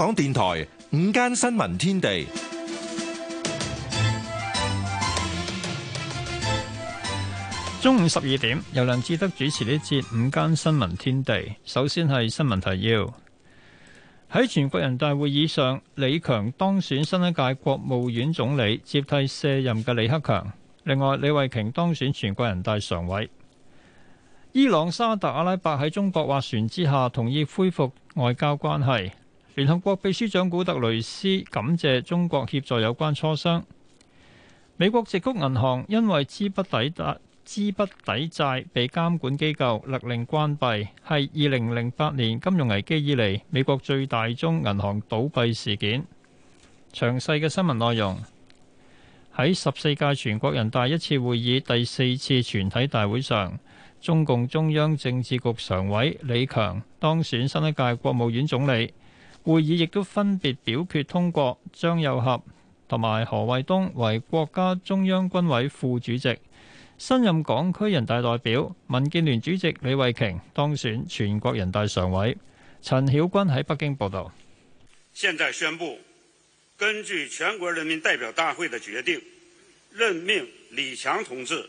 港電台五間新聞天地中午十二點，由梁志德主持呢一節五間新聞天地。首先係新聞提要：喺全國人大會議上，李強當選新一屆國務院總理，接替卸任嘅李克強。另外，李慧瓊當選全國人大常委。伊朗沙特阿拉伯喺中國斡旋之下，同意恢復外交關係。聯合國秘書長古特雷斯感謝中國協助有關磋商。美國矽谷銀行因為資不抵達、資不抵債，被監管機構勒令關閉，係二零零八年金融危機以嚟美國最大宗銀行倒閉事件。詳細嘅新聞內容：喺十四屆全國人大一次會議第四次全體大會上，中共中央政治局常委李強當選新一屆國務院總理。會議亦都分別表決通過張又俠同埋何衛東為國家中央軍委副主席，新任港區人大代表、民建聯主席李慧瓊當選全國人大常委。陳曉君喺北京報道。現在宣布，根據全國人民代表大會嘅決定，任命李強同志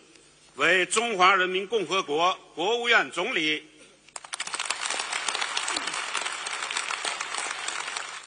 為中華人民共和國國務院總理。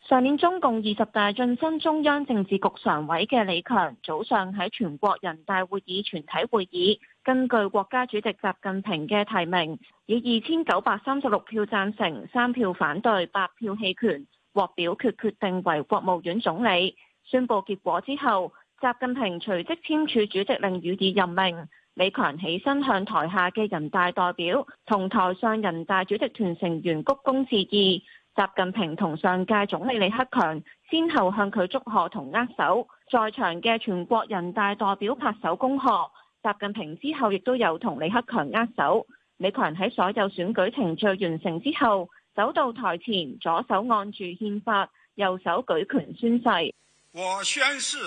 上年中共二十大晉身中央政治局常委嘅李強，早上喺全國人大會議全體會議，根據國家主席習近平嘅提名，以二千九百三十六票贊成、三票反對、八票棄權獲表決決定為國務院總理。宣布結果之後，習近平隨即簽署主席令予以任命。李強起身向台下嘅人大代表同台上人大主席團成員鞠躬致意。習近平同上屆總理李克強先後向佢祝賀同握手，在場嘅全國人大代，代表拍手恭賀。習近平之後亦都有同李克強握手。李強喺所有選舉程序完成之後，走到台前，左手按住憲法，右手舉拳宣誓。我宣誓，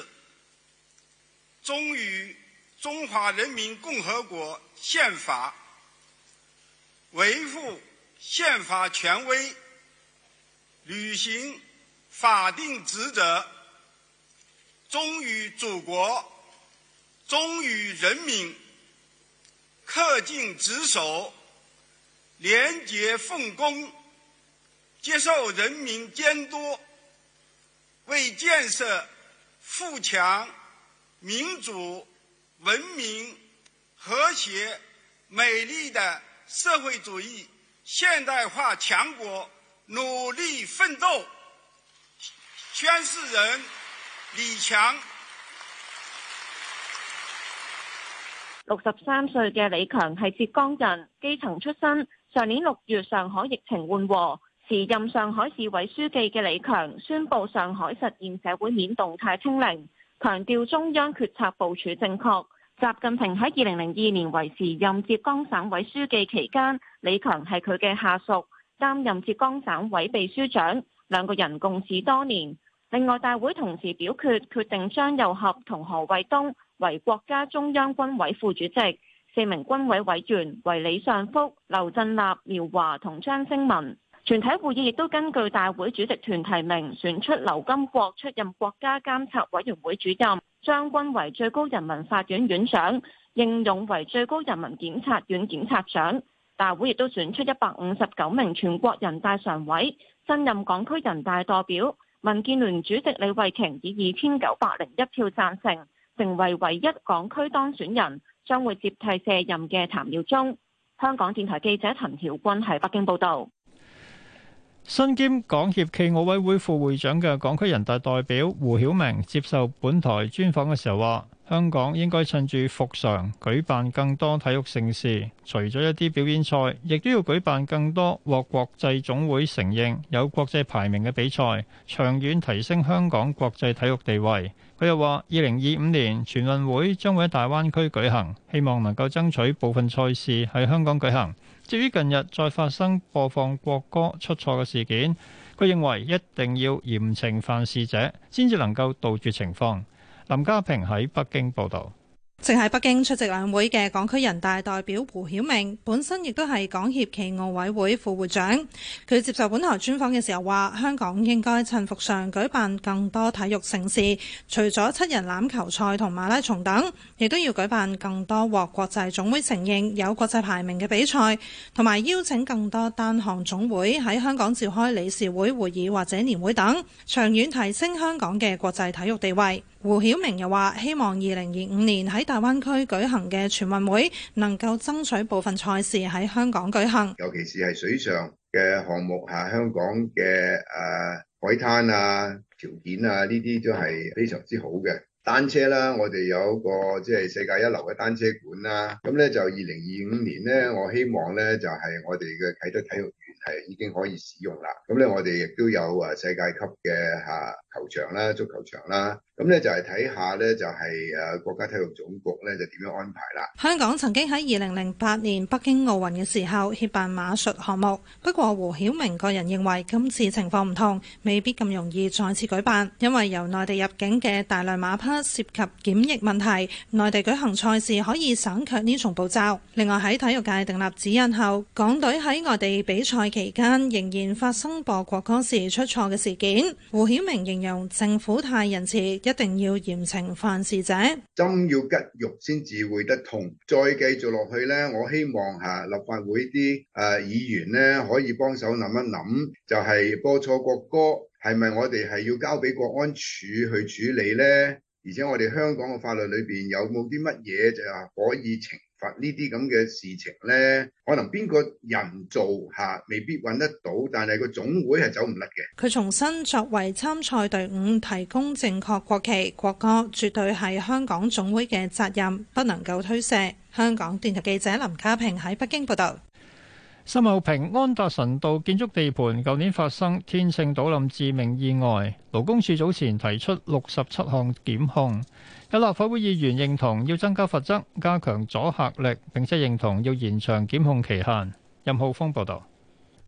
忠於中華人民共和國憲法，維護憲法權威，履行法定職責，忠於祖國，忠於人民，恪盡職守，廉潔奉公，接受人民監督，為建設富強、民主、文明、和諧、美麗的社會主義現代化強國，努力奮鬥。宣誓人李強。六十三歲嘅李強係浙江人，基層出身。上年六月上海疫情緩和，時任上海市委書記嘅李強宣布上海實現社會面動態清零，強調中央決策部署正確。習近平喺二零零二年為時任浙江省委書記期間，李強係佢嘅下屬。擔任浙江省委秘書長，兩個人共事多年。另外，大會同時表決決定張又俠同何衛東為國家中央軍委副主席，四名軍委委員為李尚福、劉振立、苗華同張升民。全體會議亦都根據大會主席團提名，選出劉金國出任國家監察委員會主任，張軍為最高人民法院院長，應勇為最高人民檢察院檢察長。大會亦都選出一百五十九名全國人大常委，新任港區人大代表，民建聯主席李慧瓊以二千九百零一票讚成，成為唯一港區當選人，將會接替卸任嘅譚耀宗。香港電台記者陳曉君喺北京報道。身兼港協暨奧委會副會長嘅港區人大代表胡曉明接受本台專訪嘅時候話，香港應該趁住復常舉辦更多體育盛事，除咗一啲表演賽，亦都要舉辦更多獲國際總會承認有國際排名嘅比賽，長遠提升香港國際體育地位。佢又話，二零二五年全運會將會喺大灣區舉行，希望能夠爭取部分賽事喺香港舉行。至於近日再發生播放國歌出錯嘅事件，佢認為一定要嚴懲犯事者，先至能夠杜絕情況。林家平喺北京報導。正喺北京出席兩會嘅港區人大代表胡曉明，本身亦都係港協暨奧委會副會長。佢接受本台專訪嘅時候話，香港應該趁服上舉辦更多體育盛事，除咗七人欖球賽同馬拉松等，亦都要舉辦更多獲國際總會承認有國際排名嘅比賽，同埋邀請更多單項總會喺香港召開理事會會議或者年會等，長遠提升香港嘅國際體育地位。胡曉明又話：希望二零二五年喺大灣區舉行嘅全運會能夠爭取部分賽事喺香港舉行，尤其是係水上嘅項目嚇，香港嘅誒、啊、海灘啊條件啊呢啲都係非常之好嘅。單車啦，我哋有個即係世界一流嘅單車館啦，咁咧就二零二五年咧，我希望咧就係我哋嘅啟德體育園係已經可以使用啦。咁咧我哋亦都有誒世界級嘅嚇。球場啦，足球場啦，咁呢就係睇下呢，就係誒國家體育總局呢，就點樣安排啦。香港曾經喺二零零八年北京奧運嘅時候協辦馬術項目，不過胡曉明個人認為今次情況唔同，未必咁容易再次舉辦，因為由內地入境嘅大量馬匹涉及檢疫問題，內地舉行賽事可以省卻呢重步驟。另外喺體育界訂立指引後，港隊喺外地比賽期間仍然發生播國歌時出錯嘅事件，胡曉明形容。由政府太仁慈，一定要嚴懲犯事者。針要吉肉先至會得痛，再繼續落去呢，我希望嚇立法會啲誒議員呢，可以幫手諗一諗，就係播錯國歌，係咪我哋係要交俾國安處去處理呢？而且我哋香港嘅法律裏邊有冇啲乜嘢就話可以懲？發呢啲咁嘅事情呢，可能邊個人做嚇，未必揾得到，但係個總會係走唔甩嘅。佢重新作為參賽隊伍提供正確國旗國歌，絕對係香港總會嘅責任，不能夠推卸。香港電台記者林家平喺北京報道。新澳平安達臣道建築地盤舊年發生天性倒冧致，致命意外。勞工處早前提出六十七項檢控，有立法會議員認同要增加罰則，加強阻嚇力，並且認同要延長檢控期限。任浩峰報道。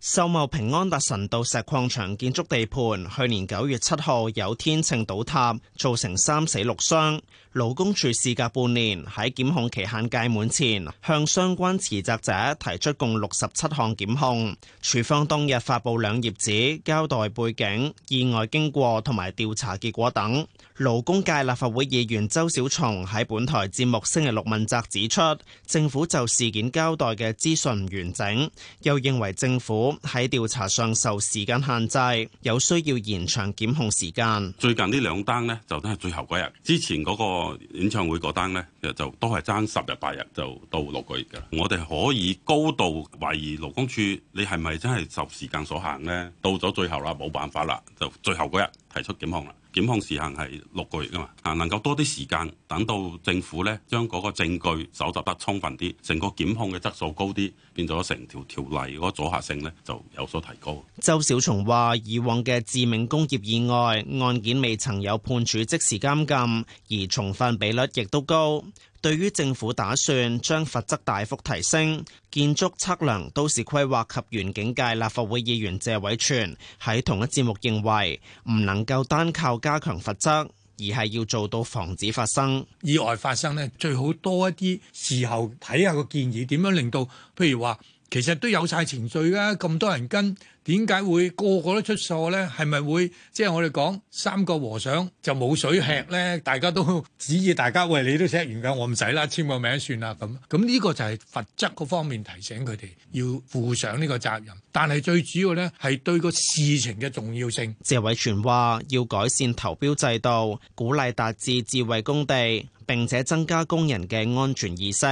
秀茂坪安達臣道石礦場建築地盤，去年九月七號有天秤倒塌，造成三死六傷。勞工處事隔半年喺檢控期限屆滿前，向相關持責者提出共六十七項檢控。處方當日發布兩頁紙，交代背景、意外經過同埋調查結果等。勞工界立法會議員周小松喺本台節目星期六問責指出，政府就事件交代嘅資訊唔完整，又認為政府。喺調查上受時間限制，有需要延長檢控時間。最近呢兩單呢，就都係最後嗰日。之前嗰個演唱會嗰單呢，其實就都係爭十日八日就到六個月㗎。我哋可以高度懷疑勞工處你係咪真係受時間所限呢？到咗最後啦，冇辦法啦，就最後嗰日提出檢控啦。檢控時限係六個月噶嘛，啊能夠多啲時間等到政府咧將嗰個證據搜集得充分啲，成個檢控嘅質素高啲，變咗成條條例嗰阻嚇性咧就有所提高。周小松話：以往嘅致命工業意外案件未曾有判處即時監禁，而重犯比率亦都高。對於政府打算將罰則大幅提升，建築測量、都市規劃及園境界立法會議員謝偉全喺同一節目認為，唔能夠單靠加強罰則，而係要做到防止發生意外發生呢，最好多一啲事後睇下個建議，點樣令到，譬如話。其實都有晒程序㗎，咁多人跟點解會個個都出錯呢？係咪會即係、就是、我哋講三個和尚就冇水吃呢？大家都指意大家，喂，你都寫完㗎，我唔使啦，簽個名算啦咁。咁呢個就係罰則嗰方面提醒佢哋要負上呢個責任。但係最主要呢，係對個事情嘅重要性。謝偉全話：要改善投標制度，鼓勵達至智慧工地，並且增加工人嘅安全意識。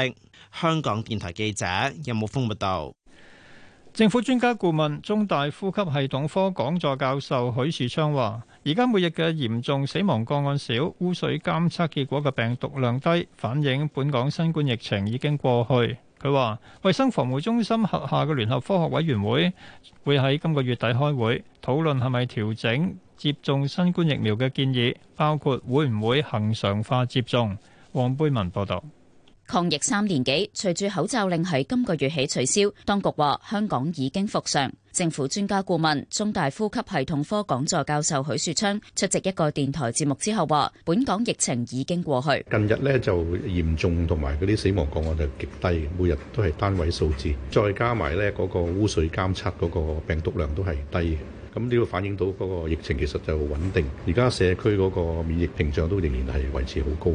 香港電台記者任木峰報道，政府專家顧問、中大呼吸系統科講座教授許樹昌話，而家每日嘅嚴重死亡個案少，污水監測結果嘅病毒量低，反映本港新冠疫情已經過去。佢話衛生防護中心轄下嘅聯合科學委員會會喺今個月底開會討論係咪調整接種新冠疫苗嘅建議，包括會唔會恆常化接種。黃貝文報道。抗疫三年幾，隨住口罩令喺今個月起取消，當局話香港已經復常。政府專家顧問、中大呼吸系統科講座教授許樹昌出席一個電台節目之後話：本港疫情已經過去。近日咧就嚴重同埋嗰啲死亡個案就極低，每日都係單位數字，再加埋咧嗰個污水監測嗰個病毒量都係低嘅，咁呢個反映到嗰個疫情其實就穩定。而家社區嗰個免疫屏障都仍然係維持好高。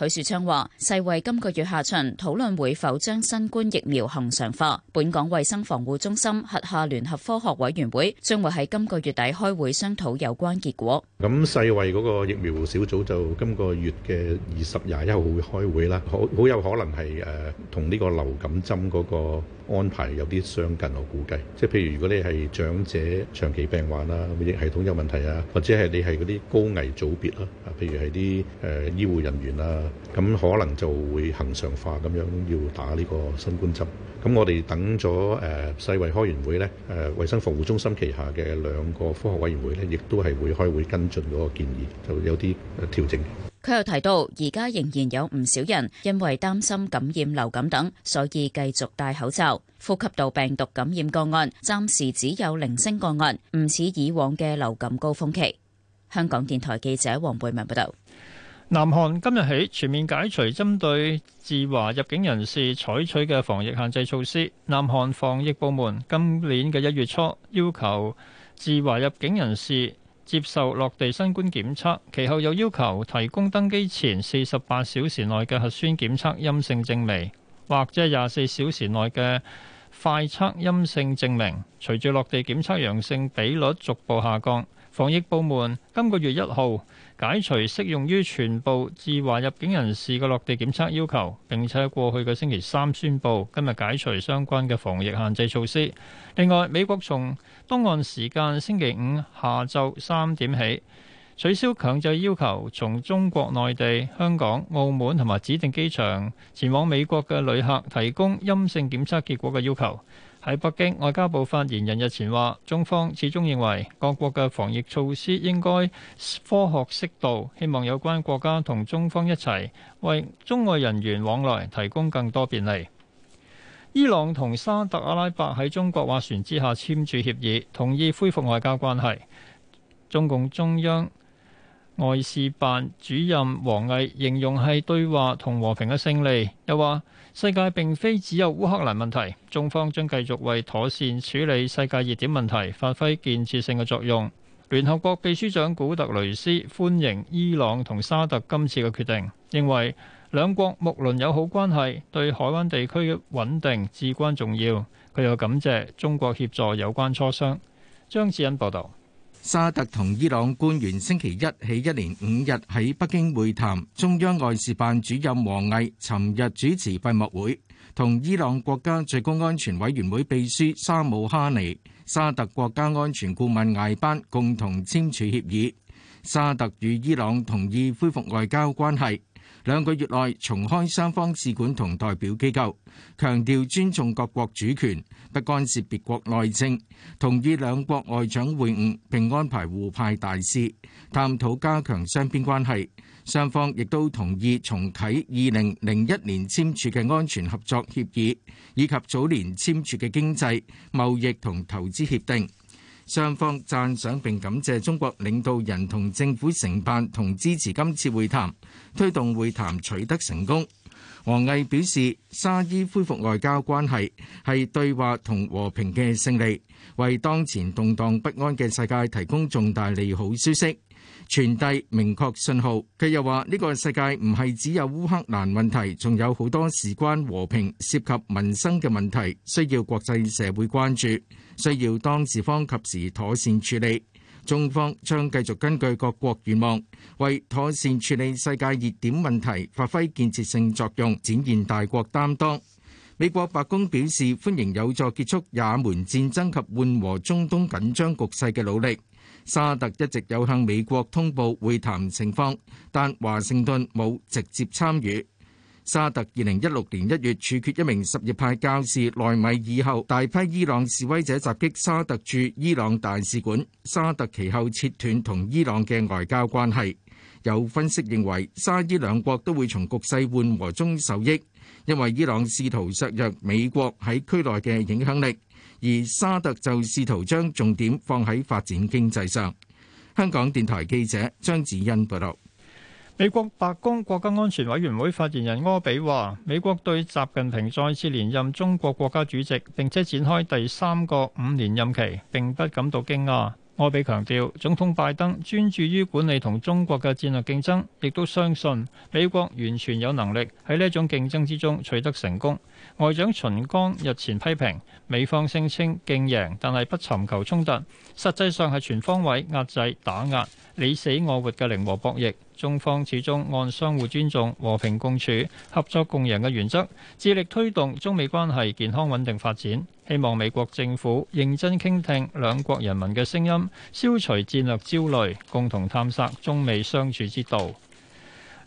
許樹昌話：世衛今個月下旬討論會否將新冠疫苗恒常化，本港衛生防護中心轄下聯合科學委員會將會喺今個月底開會商討有關結果。咁世衛嗰個疫苗小組就今個月嘅二十廿一號會開會啦，好好有可能係誒同呢個流感針嗰個安排有啲相近，我估計。即係譬如如果你係長者、長期病患啦，免疫系統有問題啊，或者係你係嗰啲高危組別啦，啊，譬如係啲誒醫護人員啊。咁可能就會恆常化咁樣要打呢個新冠針。咁我哋等咗誒世衞開完會呢，誒衞生服務中心旗下嘅兩個科學委員會呢，亦都係會開會跟進嗰個建議，就有啲調整。佢又提到，而家仍然有唔少人因為擔心感染流感等，所以繼續戴口罩。呼吸道病毒感染個案暫時只有零星個案，唔似以往嘅流感高峯期。香港電台記者黃貝文報道。南韓今日起全面解除針對自華入境人士採取嘅防疫限制措施。南韓防疫部門今年嘅一月初要求自華入境人士接受落地新冠檢測，其後又要求提供登機前四十八小時內嘅核酸檢測陰性證明，或者廿四小時內嘅快測陰性證明。隨住落地檢測陽性比率逐步下降。防疫部門今個月一號解除適用於全部自華入境人士嘅落地檢測要求，並且喺過去嘅星期三宣布今日解除相關嘅防疫限制措施。另外，美國從東岸時間星期五下晝三點起取消強制要求，從中國內地、香港、澳門同埋指定機場前往美國嘅旅客提供陰性檢測結果嘅要求。喺北京，外交部發言人日前話：中方始終認為，各國嘅防疫措施應該科學適度，希望有關國家同中方一齊為中外人員往來提供更多便利。伊朗同沙特阿拉伯喺中國斡旋之下簽署協議，同意恢復外交關係。中共中央。外事辦主任王毅形容係對話同和、和平嘅勝利，又話世界並非只有烏克蘭問題，中方將繼續為妥善處理世界熱點問題發揮建設性嘅作用。聯合國秘書長古特雷斯歡迎伊朗同沙特今次嘅決定，認為兩國睦鄰友好關係對海灣地區嘅穩定至關重要。佢又感謝中國協助有關磋商。張子欣報道。沙特同伊朗官員星期一起一連五日喺北京會談，中央外事辦主任王毅尋日主持閉幕會，同伊朗國家最高安全委員會秘書沙姆哈尼、沙特國家安全顧問艾班共同簽署協議，沙特與伊朗同意恢復外交關係。兩個月內重開雙方使館同代表機構，強調尊重各國主權，不干涉別國內政，同意兩國外長會晤並安排互派大使，探討加強雙邊關係。雙方亦都同意重啟二零零一年簽署嘅安全合作協議，以及早年簽署嘅經濟、貿易同投資協定。雙方讚賞並感謝中國領導人同政府承辦同支持今次會談，推動會談取得成功。王毅表示，沙伊恢復外交關係係對話同和平嘅勝利，為當前動盪不安嘅世界提供重大利好消息。傳遞明確信號。佢又話：呢個世界唔係只有烏克蘭問題，仲有好多事關和平、涉及民生嘅問題，需要國際社會關注，需要當事方及時妥善處理。中方將繼續根據各國願望，為妥善處理世界熱點問題，發揮建設性作用，展現大國擔當。美國白宮表示，歡迎有助結束也門戰爭及緩和中東緊張局勢嘅努力。沙特一直有向美國通報會談情況，但華盛頓冇直接參與。沙特二零一六年一月處決一名什葉派教士奈米爾後，大批伊朗示威者襲擊沙特駐伊朗大使館，沙特其後切斷同伊朗嘅外交關係。有分析認為，沙伊兩國都會從局勢緩和中受益。因為伊朗試圖削弱美國喺區內嘅影響力，而沙特就試圖將重點放喺發展經濟上。香港電台記者張子欣報道。美國白宮國家安全委員會發言人柯比話，美國對習近平再次連任中國國家主席，並且展開第三個五年任期，並不感到驚訝。科比強調，總統拜登專注於管理同中國嘅戰略競爭，亦都相信美國完全有能力喺呢一種競爭之中取得成功。外長秦剛日前批評美方聲稱競贏，但係不尋求衝突，實際上係全方位壓制打壓，你死我活嘅零和博弈，中方始終按相互尊重、和平共處、合作共贏嘅原則，致力推動中美關係健康穩定發展。希望美國政府認真傾聽兩國人民嘅聲音，消除戰略焦慮，共同探索中美相處之道。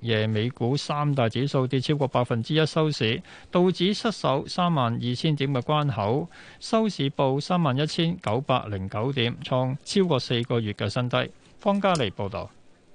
夜美股三大指數跌超過百分之一收市，道指失守三萬二千點嘅關口，收市報三萬一千九百零九點，創超過四個月嘅新低。方嘉利報道。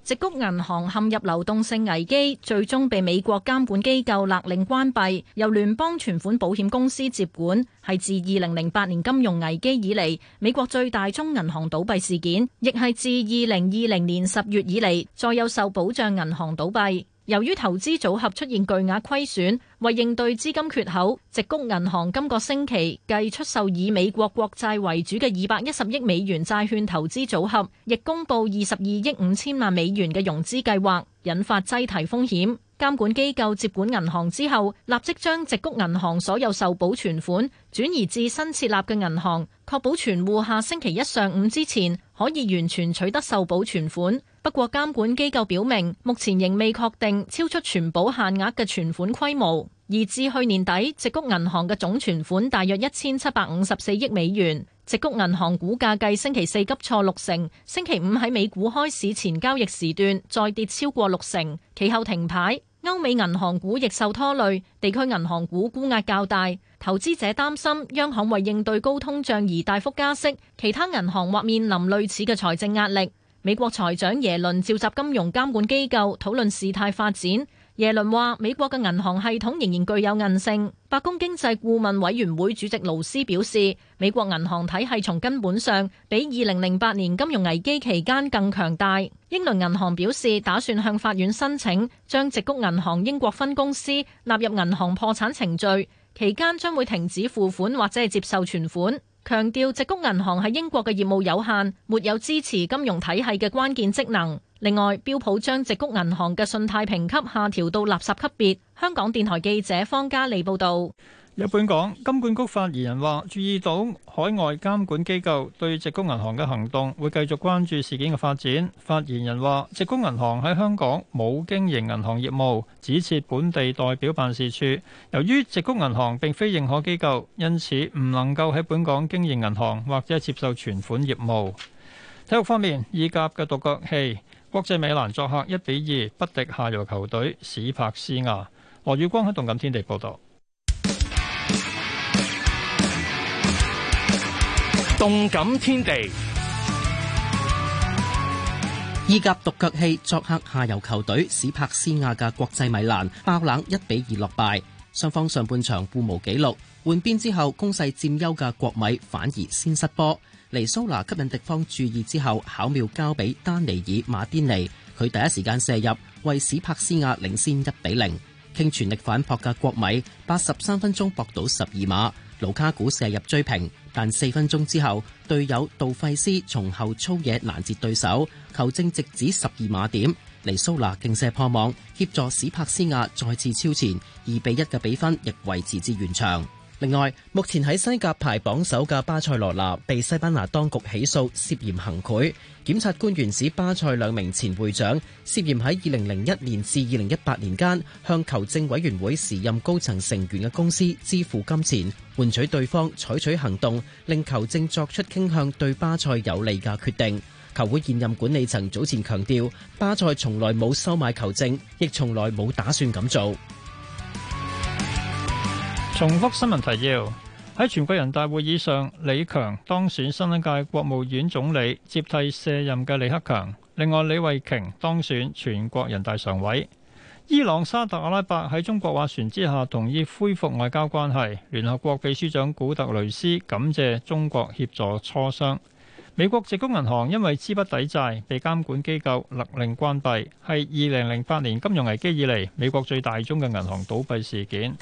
直谷銀行陷入流動性危機，最終被美國監管機構勒令關閉，由聯邦存款保險公司接管，係自二零零八年金融危機以嚟美國最大宗銀行倒閉事件，亦係自二零二零年十月以嚟再有受保障銀行倒閉。由於投資組合出現巨額虧損，為應對資金缺口，矽谷銀行今個星期既出售以美國國債為主嘅二百一十億美元債券投資組合，亦公布二十二億五千萬美元嘅融資計劃，引發擠提風險。監管機構接管銀行之後，立即將矽谷銀行所有受保存款轉移至新設立嘅銀行，確保存戶下星期一上午之前可以完全取得受保存款。不過監管機構表明，目前仍未確定超出全保限額嘅存款規模。而至去年底，矽谷銀行嘅總存款大約一千七百五十四億美元。矽谷銀行股價繼星期四急挫六成，星期五喺美股開市前交易時段再跌超過六成，其後停牌。歐美銀行股亦受拖累，地區銀行股沽壓較大。投資者擔心央行為應對高通脹而大幅加息，其他銀行或面臨類似嘅財政壓力。美國財長耶倫召集金融監管機構討論事態發展。耶倫話：美國嘅銀行系統仍然具有韌性。白宮經濟顧問委員會主席勞斯表示，美國銀行體系從根本上比二零零八年金融危機期間更強大。英倫銀行表示，打算向法院申請將矽谷銀行英國分公司納入銀行破產程序，期間將會停止付款或者係接受存款。強調矽谷銀行喺英國嘅業務有限，沒有支持金融體系嘅關鍵職能。另外，標普將矽谷銀行嘅信貸評級下調到垃圾級別。香港電台記者方嘉利報道。日本港金管局發言人話：注意到海外監管機構對矽谷銀行嘅行動，會繼續關注事件嘅發展。發言人話：矽谷銀行喺香港冇經營銀行業務，只設本地代表辦事處。由於矽谷銀行並非認可機構，因此唔能夠喺本港經營銀行或者接受存款業務。體育方面，意甲嘅獨角戲，國際米蘭作客一比二不敵下游球隊史帕斯亞。羅宇光喺動感天地報道。動感天地，意甲獨腳戲，作客下游球隊史帕斯亞嘅國際米蘭爆冷一比二落敗。雙方上半場互無紀錄，換邊之後攻勢佔優嘅國米反而先失波。尼蘇拿吸引敵方注意之後，巧妙交俾丹尼爾馬丁尼，佢第一時間射入，為史帕斯亞領先一比零。傾全力反撲嘅國米，八十三分鐘搏到十二碼，盧卡古射入追平。但四分鐘之後，隊友杜費斯從後粗野攔截對手，球證直指十二碼點，尼蘇拿勁射破網，協助史帕斯亞再次超前，二比一嘅比分亦維持至完場。另外，目前喺西甲排榜首嘅巴塞羅那被西班牙當局起訴涉嫌行賄。檢察官原指巴塞兩名前會長涉嫌喺二零零一年至二零一八年間向球證委員會時任高層成員嘅公司支付金錢，換取對方採取行動，令球證作出傾向對巴塞有利嘅決定。球會現任管理層早前強調，巴塞從來冇收買球證，亦從來冇打算咁做。重複新聞提要：喺全國人大會議上，李強當選新一屆國務院總理，接替卸任嘅李克強。另外，李慧瓊當選全國人大常委。伊朗沙特阿拉伯喺中國斡旋之下同意恢復外交關係。聯合國秘書長古特雷斯感謝中國協助磋商。美國矽谷銀行因為資不抵債被監管機構勒令關閉，係二零零八年金融危機以嚟，美國最大宗嘅銀行倒閉事件。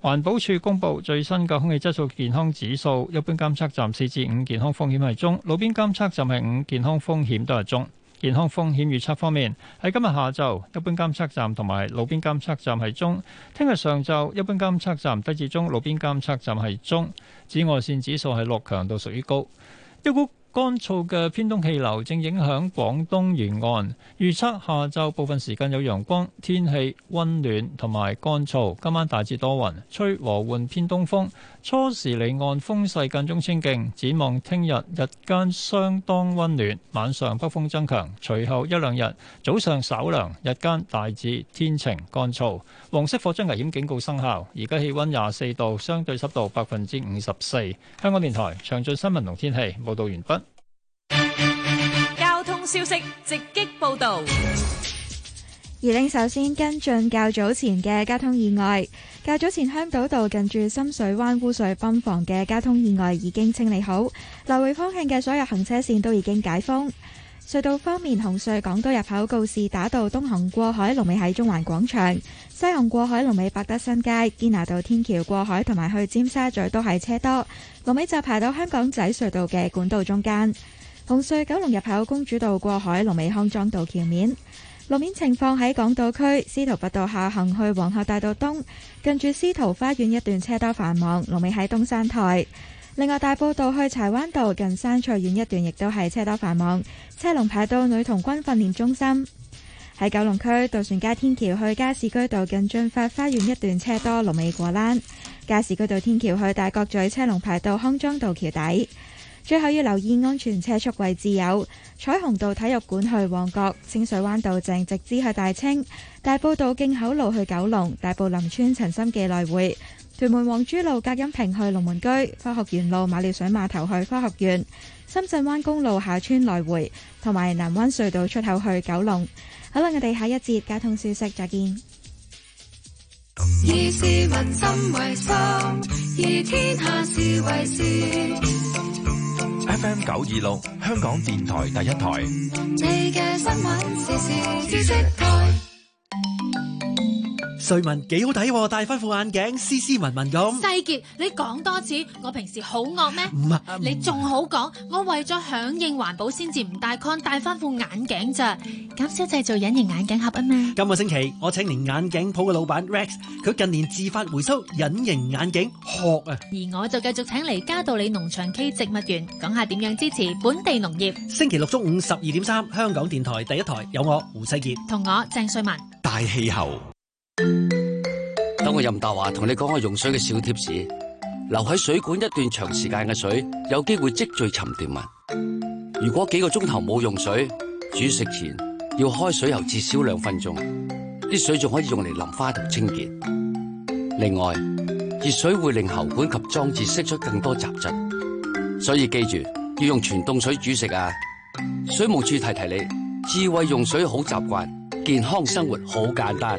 環保署公布最新嘅空氣質素健康指數，一般監測站四至五健康風險係中，路邊監測站係五健康風險都係中。健康風險預測方面，喺今日下晝，一般監測站同埋路邊監測站係中；聽日上晝，一般監測站低至中，路邊監測站係中。紫外線指數係六，強度屬於高。一股乾燥嘅偏東氣流正影響廣東沿岸，預測下晝部分時間有陽光，天氣溫暖同埋乾燥。今晚大致多雲，吹和緩偏東風。初時離岸風勢間中清勁，展望聽日日間相當温暖，晚上北風增強。隨後一兩日早上稍涼，日間大致天晴乾燥。黃色火災危險警告生效，而家氣温廿四度，相對濕度百分之五十四。香港電台詳盡新聞同天氣報導完畢。交通消息直擊報導。而令首先跟進較早前嘅交通意外，較早前香島道近住深水灣污水泵房嘅交通意外已經清理好，來回方向嘅所有行車線都已經解封。隧道方面，紅隧港島入口告士打道東行過海，龍尾喺中環廣場；西行過海，龍尾百德新街堅拿道天橋過海，同埋去尖沙咀都係車多，龍尾就排到香港仔隧道嘅管道中間。紅隧九龍入口公主道過海，龍尾康莊道道橋面。路面情況喺港島區，司徒拔道下行去皇后大道東，近住司徒花園一段車多繁忙，龍尾喺東山台。另外，大埔道去柴灣道近山翠苑一段亦都係車多繁忙，車龍排到女童軍訓練中心。喺九龍區，渡船街天橋去加士居道近駿發花園一段車多，龍尾過欄。加士居道天橋去大角咀，車龍排到康莊道橋底。最後要留意安全車速位置，有彩虹道體育館去旺角、清水灣道正直支去大清、大埔道徑口路去九龍、大埔林村陳心記來回、屯門皇珠路隔音屏去龍門居、科學園路馬料水碼頭去科學園、深圳灣公路廈村來回同埋南灣隧道出口去九龍。好啦，我哋下一節交通消息再見。FM 九二六，26，香港電台第一台。瑞文幾好睇，戴翻副眼鏡，斯斯文文咁。世杰，你講多次，我平時好惡咩？唔係，你仲好講，我為咗響應環保，先至唔戴 con，戴翻副眼鏡啫，減少製造隱形眼鏡盒啊嘛。今個星期我請嚟眼鏡鋪嘅老闆 Rex，佢近年自發回收隱形眼鏡殼啊。而我就繼續請嚟加道理農場 K 植物園，講下點樣支持本地農業。星期六中午十二點三，香港電台第一台有我胡世杰，同我鄭瑞文，大氣候。當我任達華同你講我用水嘅小貼士，留喺水管一段長時間嘅水有機會積聚沉澱物。如果幾個鐘頭冇用水，煮食前要開水喉至少兩分鐘，啲水仲可以用嚟淋花同清潔。另外，熱水會令喉管及裝置釋出更多雜質，所以記住要用全凍水煮食啊！水務處提提你，智慧用水好習慣，健康生活好簡單。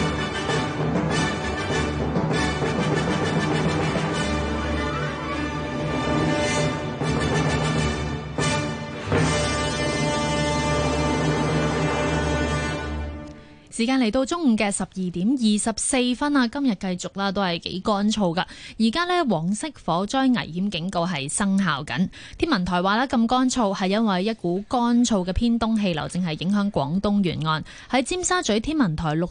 時間嚟到中午嘅十二點二十四分啊！今日繼續啦，都係幾乾燥噶。而家呢，黃色火災危險警告係生效緊。天文台話啦，咁乾燥係因為一股乾燥嘅偏東氣流正係影響廣東沿岸。喺尖沙咀天文台錄。